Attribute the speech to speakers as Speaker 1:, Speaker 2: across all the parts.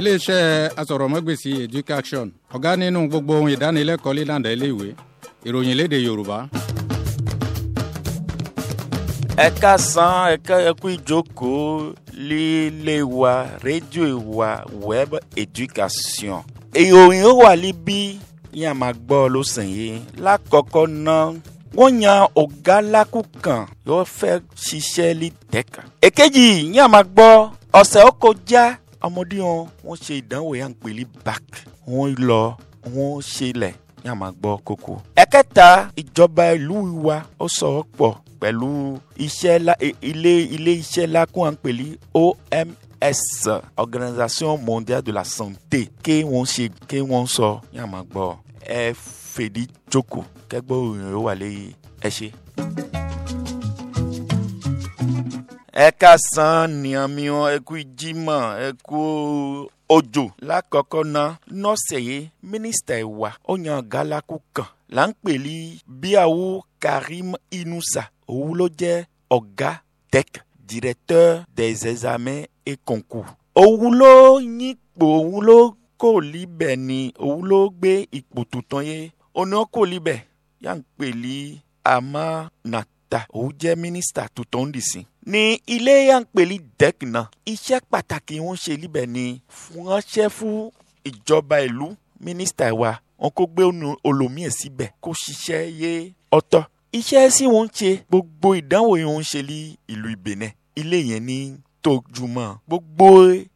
Speaker 1: iléeṣẹ́ asọ̀rọ̀mọ́gbèsì education ọ̀gá nínú gbogbo ohun ìdánilẹ́kọ̀ọ́ lílànà iléèwé ìròyìn léde yorùbá. ẹ ká san ẹ ká ẹ kú ìjókòó líle wa rédíò wa web education ìròyìn ó wà níbí yín a máa gbọ́ lọ́sàn yìí lákọ̀ọ́kọ́ náà wọ́n yan ọ̀gá lákùkàn yóò fẹ́ ṣiṣẹ́ lítẹ̀ka èkejì yín a gbọ́ ọ̀sẹ̀ ó kọjá ọmọdé wọn wọ́n ṣe ìdánwò yà ń pèlí bac wọ́n lọ wọ́n ṣe ilẹ̀ ní àmà gbọ́ kókó. ẹ̀kẹta ìjọba ìlú wa ó sọ̀rọ̀ pọ̀ pẹ̀lú e, ilé ilé iṣẹ́ lákùn à ń pèlí OMS Organisation Mondiale de la Santé kí wọ́n ṣe kí wọ́n sọ ní àmà gbọ́ ẹ fèdí jókòó kẹgbẹ́ òyìnbó wà léyìí ẹ ṣe ẹ ká san nìyànmí wọn ẹ kú jímọ̀ ẹ kú ọjọ́ lákọ̀ọ́kọ́ náà nọ́ọ̀sẹ̀ yìí mínísítà ìwà ó yan kan là ń pè ní bíyàwó Karim Inusa òun ló jẹ́ ọ̀gá tech directeur des examens et concours òun ló yípo òun ló kò líbẹ̀ ni òun ló gbé ipò tuntun yé òun kò líbẹ̀ yà ń pè ní Amanata òun jẹ́ mínísítà tuntun dì sí ni ile ya ń pèlí dẹ́kìnà iṣẹ́ pàtàkì wọn ṣe libẹ̀ ni ránṣẹ́ fún ìjọba ìlú mínísítà wa wọn kó gbé olómìí síbẹ̀ kó ṣiṣẹ́ yé ọ̀tọ̀ iṣẹ́ sí wọn ń ṣe gbogbo ìdánwò yẹn wọn ń ṣe ní ìlú ìbẹ̀nẹ̀ ilé yẹn ní tójúmọ́ gbogbo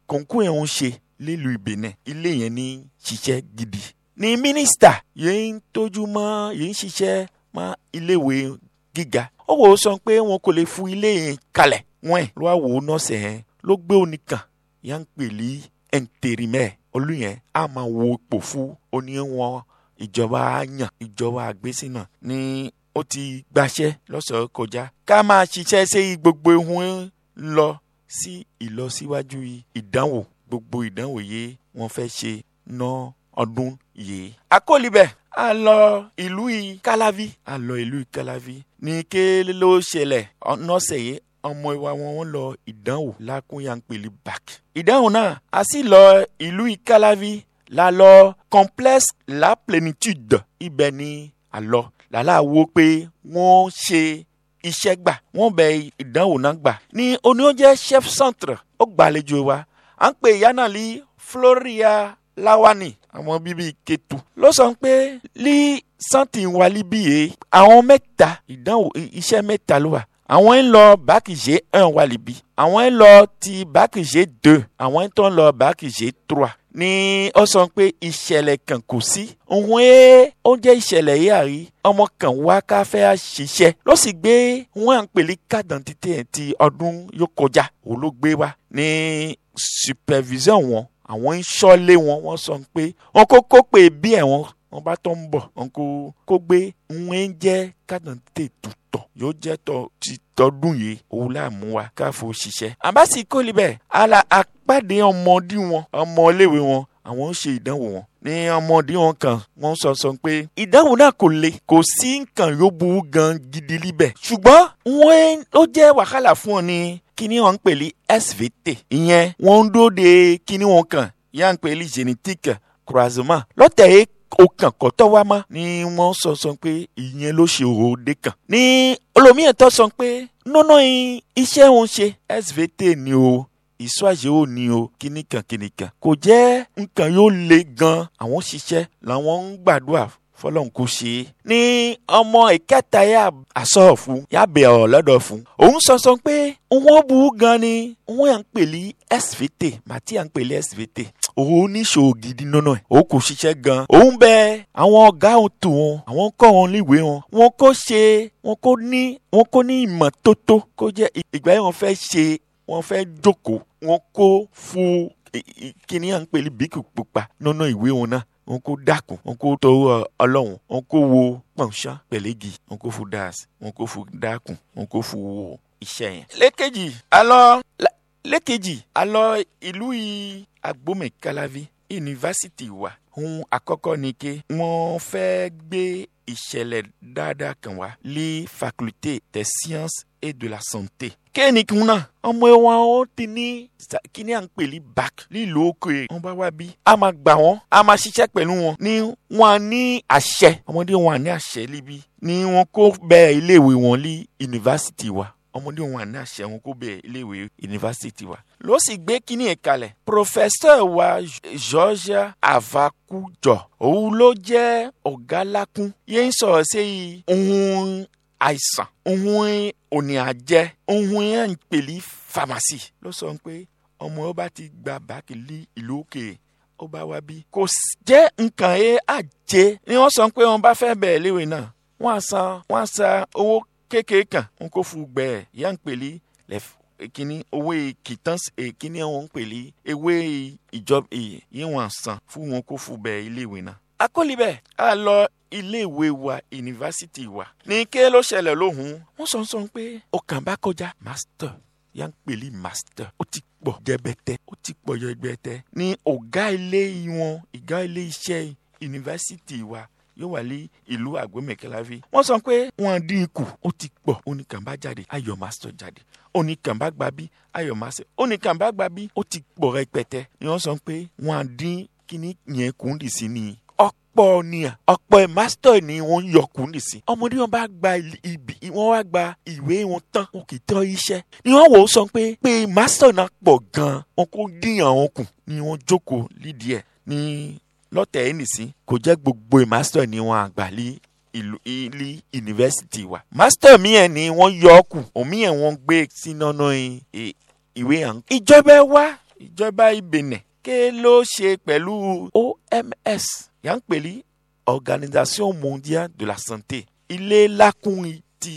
Speaker 1: kòǹkù yẹn wọn ṣe nílùú ìbẹ̀nẹ̀ ilé yẹn ní ṣiṣẹ́ gidi ni mínísítà yẹn ń tójú mọ́ yẹn ń ṣiṣẹ́ mọ́ iléèwé gíga ó wò ó sọ pé wọn kò lè fu ilé yẹn kalẹ̀ wọ́n ẹ̀ ló wá wò ó nọ́ọ̀sẹ̀ yẹn ló gbé òní kan yà ń pèlè ẹ̀ǹtẹ̀rìmẹ̀ olùyẹn á máa wo ipò fún oníwọ̀n ìjọba yàn ìjọba àgbésínà ní ó ti gbaṣẹ́ lọ́sọ̀ọ́ kọjá ká máa ṣiṣẹ́ sí gbogbo ohun lọ sí ìlọsíwájú ìdánwò gbogbo ìdánwò yìí wọ́n fẹ́ ṣe ná ọdún yìí. àkọlù bẹ́ẹ̀ a lọ ìlú Kalavi a lọ ìlú Kalavi ní ké ló ṣẹlẹ̀ ọ̀nọ́sẹ̀ yìí ọmọ ìwà wọn wọn lọ ìdánwò lákúnyànpẹ̀lẹ̀ bak. ìdánwò náà a sì lọ ìlú Kalavi la lọ complexe la plénitude ibẹ̀ ni a lọ làlá wo pé wọ́n ṣe iṣẹ́ gbà wọ́n bẹ ìdánwò náà gbà. ní oníyànjẹ́ chef centre ó gbàlejò wa à ń pè ìyá náà ní Floria Lawani àwọn bíbí ketu ló sọ pé lí santi wa libiye àwọn mẹ́ta ìdánwò iṣẹ́ mẹ́ta ló wà àwọn ń lọ bákìjé un wa libi àwọn ń lọ ti bákìjé deux àwọn ń tọ́ ń lọ bákìjé trois ni ó sọ pé ìṣẹ̀lẹ̀ kan kò sí òun ẹ e, ó jẹ́ ìṣẹ̀lẹ̀ yìí àrí ọmọ kan wá ká fẹ́ ṣiṣẹ́ ló sì gbé wọn à ń pèlè kádàntítẹ̀ ti ọdún yóò kọjá òun ló gbé wa ní supervision wọn àwọn ń ṣọ́lé wọn wọ́n sọ pé wọn kó kó pé bí ẹ̀ wọ́n wọn bá tó ń bọ̀ wọn kó kó gbé ń jẹ́ kàdántè tutọ̀ yóò jẹ́ tọ́ ti tọdún yìí òun láàmú wa káfó ṣiṣẹ́. àbáṣe kólíbẹ̀ ala àpàdé ọmọdé wọn ọmọléwé wọn àwọn ń ṣe ìdánwò wọn ní ọmọdé wọn kan wọn sọ sọ pé ìdánwò náà kò le kò sí nǹkan yóò burú gan gidi líbẹ̀ ṣùgbọ́n wọn ó jẹ́ wàhálà fún ọ ní kíní wọn ń pè ní SVT ìyẹn wọn ń dóde kíní wọn kan yà ń pè ní génétique croisement lọ́tẹ̀ yìí o kàn kọ́tọ́ wa mọ́ ni wọ́n sọ sọ pé ìyẹn ló ṣe òde kan ní olómiyàn tó sọ pé nọ́nà iṣẹ́ òun ṣe SVT ni o ìsúàjẹ́ ò ní o kíníkan kíníkan kò jẹ́ nǹkan yóò le gan àwọn ṣiṣẹ́ làwọn ń gbàdúrà fọlọ́n kò ṣe é. ní ọmọ ìkẹta yà àsọ fún yà bẹ̀ ọ́ lọ́dọ̀ fún. òun sọsọ pé wọ́n bu gan ni wọ́n à ń pèlí SVT màtí à ń pèlí SVT. òun níṣòwò gidi nínú ẹ̀ òun kò ṣiṣẹ́ gan. òun bẹ àwọn ọ̀gá òun tù wọn àwọn kọ́ wọn níwèé wọn. wọn kò ṣe wọn kò ní wọn kò ní ìmọ̀ tótó kó jẹ́ ìgbà yẹn wọ́n fẹ́ ṣe wọ́n fẹ́ jókòó wọn kò fún kí ni à ń pèlí bíkì pupa nínú ìwé wọn náà òun kó dákun òun kó tọwọ́ ọlọ́run òun kó wo pọ̀nṣán pẹ̀lẹ́gì òun kó fún dáàsì òun kó fún dákun òun kó fún wo iṣẹ́ yẹn. lẹ́kẹ̀jì alọ́ lẹ́kẹ̀jì alọ́ ìlú yìí agbómìkálávi yunifásitì wa ohun àkọ́kọ́ ni pé wọ́n fẹ́ gbé ìṣẹ̀lẹ̀ dáadáa kan wá lé faculté des sciences et de la santé. kẹ́ni kun náà ọmọ ẹ̀wọ̀n ó ti ní kíní à ń pè ní bac nílùú òkè wọn bá wá bí. a máa gbà wọn a máa ṣiṣẹ́ pẹ̀lú wọn ní wọn ní àṣẹ ọmọdé wọn ní àṣẹ níbí ni wọn kó bẹ́ẹ̀ iléèwé wọn ní yunifásitì wa ọmọdé wọn ní àṣẹ wọn kó bẹ́ẹ̀ iléèwé yunifásitì wa ló sì gbé kínní ẹ̀ kalẹ̀ pòfẹ́sọ̀ wa Georgia Avakujọ òun ló jẹ́ ọ̀gá lákún yẹn sọ̀rọ̀ sí ohun àìsàn ohun òní àjẹ ohun ẹ̀ ń pèlí fàmásì ló sọ pé ọmọ ọba ti gba bákìlì ìlú òkè ó bá wá bí. kò jẹ́ nǹkan ẹ̀ àjẹ ni wọ́n sọ pé wọ́n bá fẹ́ bẹ̀ẹ́ léwe náà wọ́n á san wọ́n á san owó kékeré kan n kò fún gbẹ̀ẹ́ yẹn ń pèlí lẹ́fù kíní owó kìtánsì kíní wọn ń pèlè ewé ìjọba ìwọ̀n san fún wọn kó fún bẹ́ẹ̀ iléèwé náà. akọ́libẹ̀ a lọ iléèwé wa yunifásitì wa ní ké ló ṣẹlẹ̀ lóhùn wọ́n sọ sọ pé ó kàn bá kọjá master yà ń master ó ti pọ̀ jẹbẹtẹ ó ti pọ̀ jẹbẹtẹ ní ọ̀gá ilé wọn ọ̀gá ilé iṣẹ́ yunifásitì wa yóò wà lé ìlú àgbémẹ̀kẹ́láfí. wọ́n sọ pé wọ́n dín ikù ó ti pọ̀ oníkànbá jáde ayọ̀ máa sọ jáde oníkànbá gba bí ayọ̀ máa sẹ oníkànbá gba bí ó ti pọ̀ rẹpẹtẹ ni wọ́n sọ pé wọ́n dín kíní yẹn kùndì sí ni ọ̀pọ̀ ni ọ̀pọ̀ ẹ̀ ni wọ́n ń yọkùn nìsí. ọmọdé wọn bá gba ibi wọn wá gba ìwé wọn tán wọn kì í tọ́ iṣẹ́. ni wọ́n wò ó sọ pé pé mástọ̀ náà pọ̀ gan-an wọn kò díyàn wọn kù ni wọ́n jókòó lídìí ẹ̀ ní lọ́tẹ̀ yìí nìsín kò jẹ́ gbogbo master ni wọ́n àgbà lé ìlú ilé yunifásitì wa. master miẹ̀ ni wọ́n yọ ọ́ kù òmíẹ̀ wọ́n gbé e sínú ìwé hàn. ìjọba wa ìjọba ìbẹ̀nẹ̀ ké ló ṣe pẹ̀lú OMS yà ń pèlí Organisation Mondiale de la Santé ilé lákùnrin ti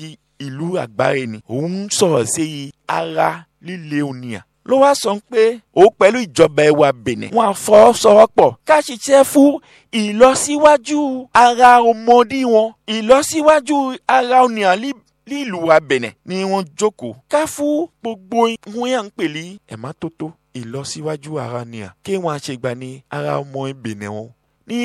Speaker 1: ìlú àgbáyé ni òun sọ̀rọ̀ sí ara líle ònìyàn ló wá sọ pé ó pẹ̀lú ìjọba ẹwà Benin wọn àfọwọ́sowọ́pọ̀ ká ṣiṣẹ́ fún ìlọsíwájú ara ọmọdé wọn ìlọsíwájú ara ọ̀nìyàn lílù wa Benin ni wọ́n jókòó ká fún gbogbo wọn yà ń pèlè ẹ̀mátótó ìlọsíwájú ara ọ̀nìyàn kí wọ́n àṣegbà ní ara ọmọ Benin wọn. ní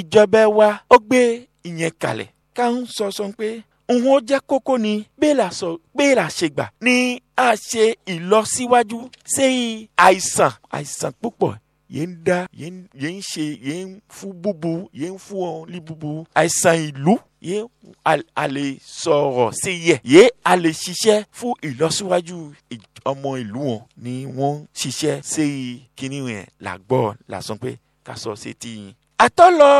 Speaker 1: ìjọba ẹwà ó gbé ìyẹn kalẹ̀ ká ń sọ sọ pé òun ó jẹ́ kókó ni bẹ́ẹ̀là ṣègbà ni a ṣe ìlọsíwájú sí àìsàn àìsàn púpọ̀ yẹn ń dá yẹn ń ṣe yẹn ń fún búbu yẹn ń fún ọ ní búbu àìsàn ìlú yẹn a lè sọ̀rọ̀ sí yẹ yẹn a ṣiṣẹ́ fún ìlọsíwájú ọmọ ìlú wọn ni wọ́n ṣiṣẹ́ sí kíní yẹn làgbọ́ làsán pé ká sọ sí tiyín. àtọ́lọ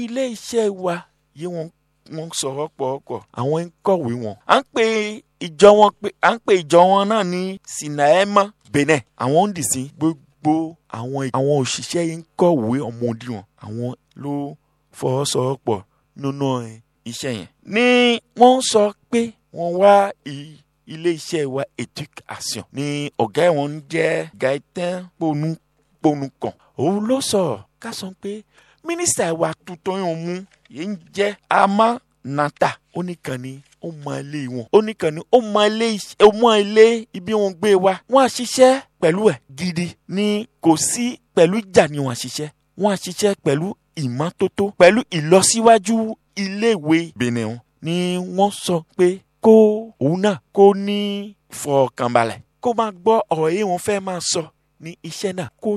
Speaker 1: ilé iṣẹ́ wa yẹn wọ́n wọ́n sọ̀rọ̀ pọ̀ọ̀pọ̀ àwọn ń kọ̀wé wọn. à ń pè ìjọ wọn pé à ń pè ìjọ wọn náà ní sinaema benin àwọn ń dìsín gbogbo àwọn àwọn òṣìṣẹ́ yìí ń kọ̀wé ọmọdé wọn àwọn ló fọwọ́sowọ́pọ̀ nínú iṣẹ́ yẹn. ni wọ́n sọ pé wọ́n wá ilé wa wa education ni ọ̀gá ẹ̀ ń jẹ́ Gaetan Ponukan òun ló sọ̀rọ̀ ká sọ pé mínísítà wa tuntun yóò mú yìí ń jẹ́ amánata oníkanni ó mọ ilé wọn oníkanni ó mọ ilé ó mọ ilé ibi wọn gbé wa wọn á ṣiṣẹ́ pẹ̀lú ẹ̀ gidi ni kò sí pẹ̀lú ìjà ni wọn á ṣiṣẹ́ wọn á ṣiṣẹ́ pẹ̀lú ìmọ́tótó pẹ̀lú ìlọsíwájú iléèwé benin ni wọ́n sọ pé kó òun náà kó ní fọkànbalẹ̀ kó máa gbọ́ ọ̀rọ̀ yìí wọ́n fẹ́ máa sọ ní iṣẹ́ náà kó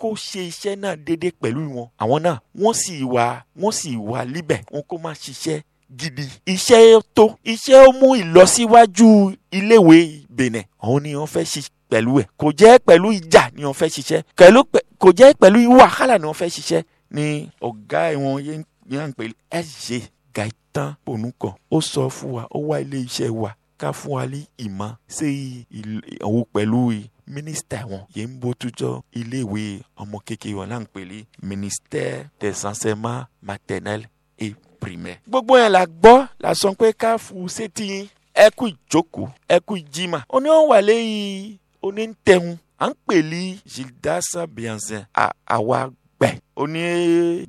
Speaker 1: kó ṣe iṣẹ́ náà déédéé pẹ̀lú wọn àwọn náà wọ́n sì wà wọ́n sì wà líbẹ̀ wọn kó má ṣiṣẹ́ gidi iṣẹ́ tó iṣẹ́ ó mú ìlọsíwájú iléèwé Benin òun ni wọ́n fẹ́ ṣiṣẹ́ pẹ̀lú ẹ̀ kò jẹ́ pẹ̀lú ìjà ni wọ́n fẹ́ ṣiṣẹ́ kò jẹ́ pẹ̀lú wàhálà ni wọ́n fẹ́ ṣiṣẹ́ ni ọ̀gá wọn yẹn ń pè é SG Gaitan Ponukan ó sọ fún wa ó wá ilé iṣẹ́ wa ká fún wa ní ìmọ̀ sí òun pẹ̀lú mínísítà wọn yìí ń bójújọ iléèwé ọmọ kékeré wọn là ń pè ní ministère des enseignements maternels et primaires. gbogbo yẹn la gbọ́ la sọ pé ká fu sétí yín ẹ kú ìjókòó ẹ kú ìjímà. oní wọn wà lẹ́yìn oní ń tẹun à ń pè ní Gildas Bianzin àwa pẹ́ oní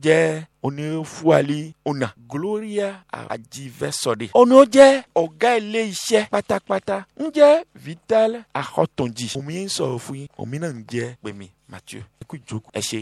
Speaker 1: jẹ́ onífúali ona gloria ajivẹsọde. ọ̀nà ó jẹ́ ọ̀gá ilé iṣẹ́ pátápátá ń jẹ́ vital akọ́tọ̀njì. òun yẹn ń sọ̀rọ̀ fún yín òun náà ń jẹ́ pèmí mathieu ẹ kú ìjókòó ẹ ṣe.